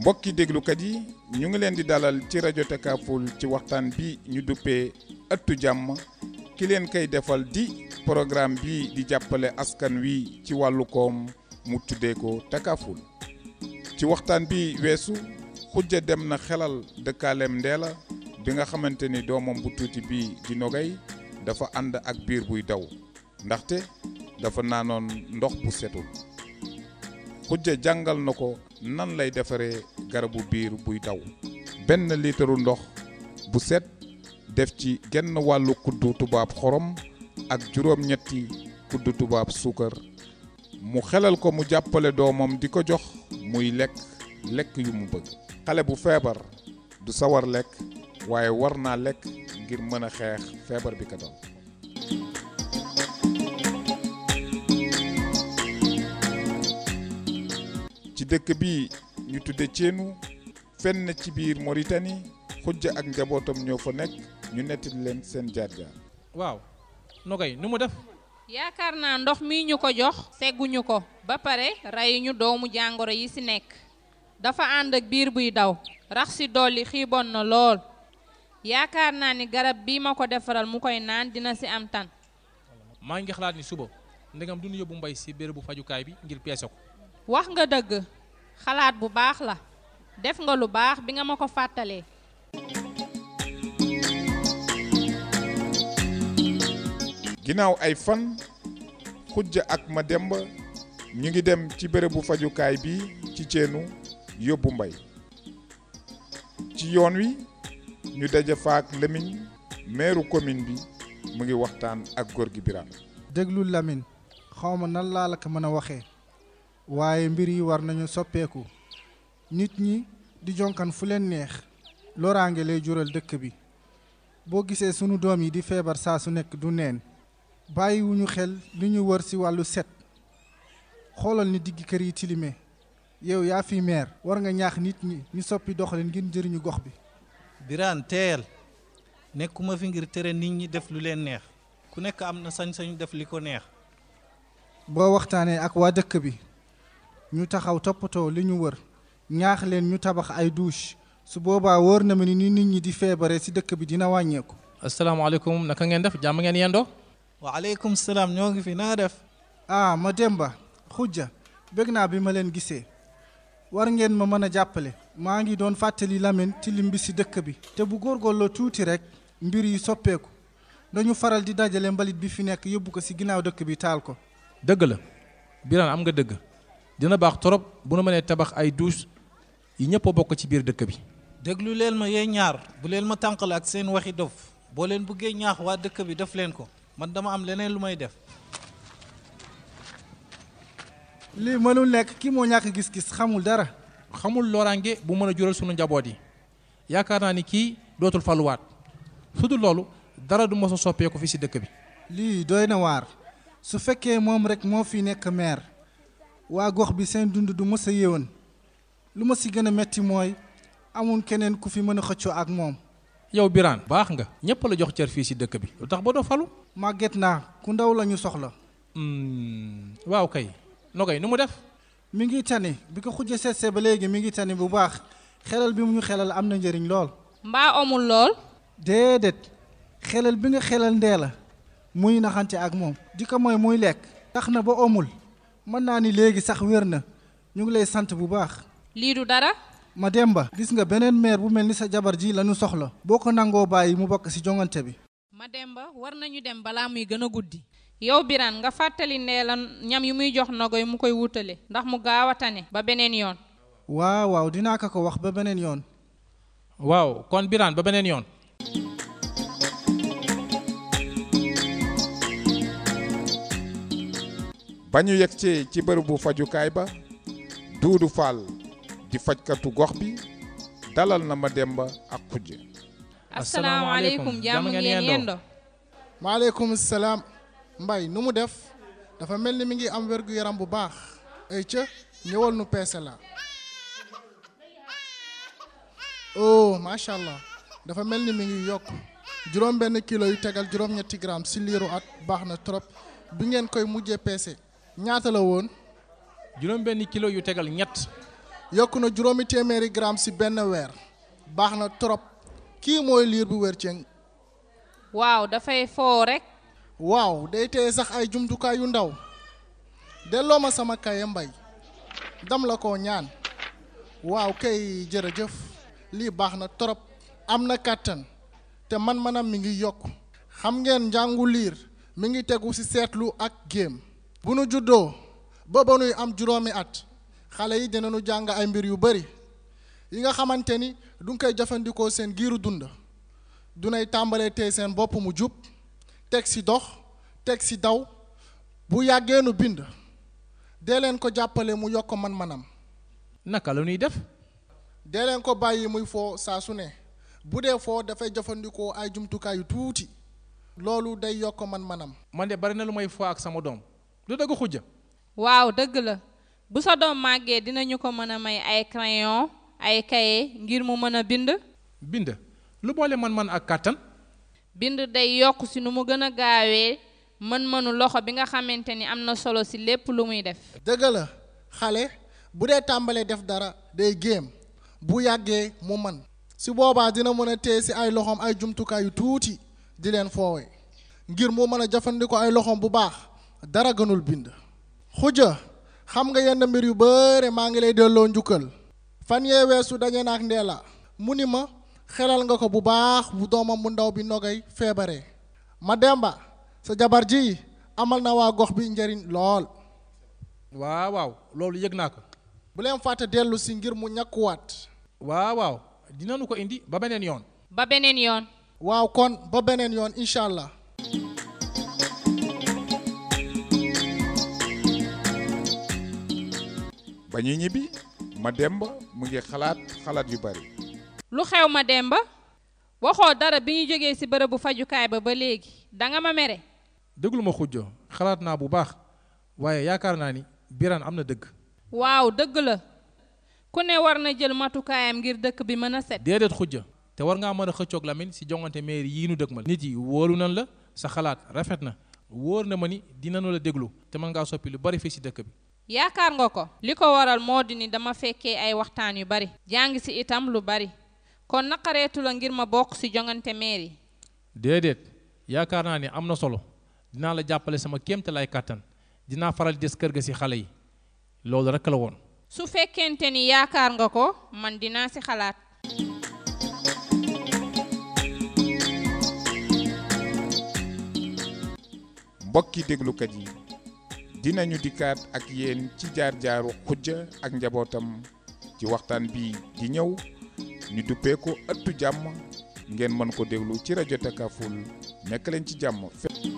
mbokki déglukat yi ñu ngi leen di dalal ci rajo Takaful ci waxtaan bi ñu duppee ëttu jàmm ki leen kay defal di programme bi di jàppale askan wi ci wàllu koom mu tuddee ko Takaful ci waxtaan bi weesu xujja dem na xelal dëkkaaleem ndeela bi nga xamante ni doomam bu tuuti bi di nogay dafa ànd ak biir buy daw ndaxte dafa naanoon ndox bu setul xujja jàngal na ko nan lay defaree garabu biir buy daw benn liitaru ndox bu set def ci genn wàllu kuddu tubaab xorom ak juróom-ñetti kuddu tubaab suukar mu xelal ko mu jàppale doomam di ko jox muy lekk lekk yu mu bëgg xale bu feebar du sawar lekk waaye war naa lekk ngir mën a xeex feebar bi ko doon dëkk bi ñu tudde Ceenu fenn ci biir Mauritanie xujja ak njabootam ñoo fa nekk ñu nettali leen seen jaar-jaar. waaw nu koy nu mu def. yaakaar naa ndox mi ñu ko jox. segguñu ko ba pare reyuñu doomu jàngoro yi ci nekk. dafa ànd ak biir buy daw. rax ci dolli xiiboon na lool. yaakaar naa ni garab bii ma ko defaral mu koy naan dina ci am tan. maa ngi xalaat ni suba ndegam du ñu yóbbu mbay ci bérébu fajukaay bi ngir peese ko. wax nga dëgg. xalaat bu baax la def nga lu baax bi nga ma ko fàttalee ginnaaw ay fan xujja ak ma demb ñu ngi dem ci bérébu fajukaay bi ci ceenu yóbbu mbay ci yoon wi ñu daje faak Lamine meeru commune bi mu ngi waxtaan ak góor gi Birame déglu Lamine xawma nan laa la ko mën a waxee waaye mbir yi war nañu soppeeku nit ñi di jonkan fu leen neex loraange jural dëkk bi boo gisee sunu doom yi di feebar saa su nekk du neen bàyyiwuñu xel li ñu war ci wàllu set xoolal ni digg kër yi tilime yow yaa fi meer war nga ñaax nit ñi ñu soppi doxalin ngir njëriñu gox bi biraan teel nekkuma fi ngir tere nit ñi def lu leen neex ku nekk am na sañ sañ def li ko neex boo waxtaanee ak waa dëkk bi ñu taxaw toppatoo li ñu wër ñaax leen ñu tabax ay douche su boobaa wóor na ma ni ñu nit ñi di feebare si dëkk bi dina wàññeeku. asalaamaaleykum naka ngeen def jàmm ngeen yendoo. waaleykum salaam ñoo ngi fi naa def. ah ma Demba xujja bëgg naa bi ma leen gisee. war ngeen ma mën a jàppale. maa ngi doon fàttali Lamine tilim bi si dëkk bi. te bu góorgóorloo tuuti rek mbir yi soppeeku dañu faral di dajale mbalit bi fi nekk yóbbu ko si ginnaaw dëkk bi taal ko. dëgg la Birane am nga dëgg. dina baax trop bu nu mënee tabax ay douche yi ñëpp bokk ci biir dëkk bi. déglu leen ma yee ñaar bu leen ma tànqal ak seen waxi dof boo leen bëggee ñaax waa dëkk bi daf leen ko man dama am leneen lu may def. lii mënul nekk kii moo ñàkk gis-gis xamul dara. xamul loraange bu mën a jural sunu njaboot yi yaakaar naa ni kii dootul faluwaat su dul loolu dara du mos a soppeeku fi si dëkk bi. lii doy na waar su fekkee moom rek moo fi nekk maire. waa gox bi seen dund du mës a yéwén lu ma si gën a metti mooy amul keneen ku fi mën a xëccoo ak moom. yow Birane baax nga ñëpp la jox cër fii si dëkk bi lu tax ba doo falu. màgget naa ku ndaw la ñu soxla. Hmm, waaw kay nogay nu mu def. mu ngi tani bi ko xujje seetsee ba léegi mi ngi tane bu baax xelal bi mu ñu xelal am na njariñ lool. mbaa amul lool. déedéet xelal bi nga xelal ndee la muy naxante ak moom. di ko mooy muy lekk. tax na ba amul. mën naa ni léegi sax wér na ñu ngi lay sant bu baax. lii du dara. ba gis nga beneen maire bu mel ni sa jabar ji lañu soxla. boo ko nangoo bàyyi mu bokk ci jongante bi. ma dem ba war nañu dem balaa muy gën a guddi. yow biraan nga fàttali ne la ñam yi muy jox yi mu koy wutale ndax mu gaaw a tane ba beneen yoon. waaw waaw dinaa ko ko wax ba beneen yoon. waaw kon Birane ba beneen yoon. ba ñu yegg ci ci bërëbu fajukaay ba Duudu Fall di fajkatu gox bi dalal na ma Demba ak Xujje. asalaamaaleykum jàmm ngeen yendoo. maaleykum salaam. mbay nu mu def dafa mel ni mi ngi am wérgu yaram bu baax ay ca ñëwal nu peese la oh macha allah dafa mel ni mu ngi yokk juróom benn kilo yu tegal juróom-ñetti gramme si liiru at baax na trop bi ngeen koy mujjee peese ñaata la woon. juróom benn kilo yu tegal ñett. yokk na juróomi téeméeri gramme ci benn weer. baax na trop. kii mooy liir bu wér ceng. waaw dafay foo rek. waaw day teye sax ay jumtukaay yu ndaw. delloo ma sama kaye mbay. dam la ko ñaan. waaw kay jërëjëf. lii baax na trop. am na kàttan. te man-manam mi ngi yokk. xam ngeen njàngu liir mi ngi tegu ci seetlu ak géem. bu nu juddoo ba ba nuy am juróomi at xale yi dinañu jàng ay mbir yu bari yi nga xamante ni duñ koy jëfandikoo seen giiru dund dunay tàmbalee tey seen bopp mu jub teg ci dox teg ci daw bu yàggee nu bind dee leen ko jàppale mu yokk man-manam naka la ñuy def dee leen ko bàyyi muy foo saa su ne bu dee foo dafay jëfandikoo ay jumtukaay yu tuuti loolu dey yokk man-manam man de bari na lu may foo ak sama doom lu dëgg xujja waaw dëgg la bu sa doom màggee dinañu ko mën a may ay crayon ay kaye ngir mu mën a bind bind lu boole mën-mën ak kàttan bind day yokk si nu mu gën a gaawee mën-mënu loxo bi nga xamante ni am na solo si lépp lu muy def dëgg la xale bu dee tàmbalee def dara day géem bu yàggee mu man si boobaa dina mën a téye si ay loxoom ay jumtukaay yu tuuti di leen foowe ngir mu mën a jëfandikoo ay loxoom bu baax dara gënul bind xuja xam nga yenn mbir yu bare maa ngi lay delloo njukkal fan yee weesu daje na ak ndeela mu ni ma xelal nga ko bu baax bu doomam bu ndaw bi nogay feebaree ma demba sa jabar ji amal na waa gox bi njariñ lool waaw waaw loolu yëg naa ko bu leen fàtte dellu si ngir mu ñàkkuwaat waaw waaw dinañu ko indi ba beneen yoon ba waaw kon ba beneen yoon incha allah ba ñuy ñibbi ma demba mu ngi xalaat xalaat yu bari lu xew ma demba waxoo dara bi ñu jógee ci bërëbu fajukaay ba ba léegi danga ma mere déglu ma xujjo xalaat naa bu baax waaye yaakaar naa ni biraan am na dëgg waaw dëgg la ku ne war na jël matukaayam ngir dëkk bi mën a set déedéet xujja te war ngaa mën a xëccoog Lamine ci jongante maire yi nu dëkk ma nit yi wóolu nan la sa xalaat rafet na wóor na ma ni dinañu la déglu te mën ngaa soppi lu bari ci dëkk bi yaakaar nga ko li ko waral moo di ni dama fekkee ay waxtaan yu bari jàng si itam lu bari kon naqareetu la ngir ma bokk ci jongante meer yi déedéet yaakaar naa ni am na solo dinaa la jàppale sama kéemte lay kàttan dinaa faral des kër gi si xale yi loolu rekk la woon su fekkente ni yaakaar nga ko man dinaa si xalaat mbokki déglukat yi dinañu dikkaat ak yéen ci jaar-jaaru xujja ak njabootam ci waxtaan bi di ñëw ñu duppee ko ëttu jàmm ngeen mën ko déglu ci rajo Takaful nekk leen ci jàmm.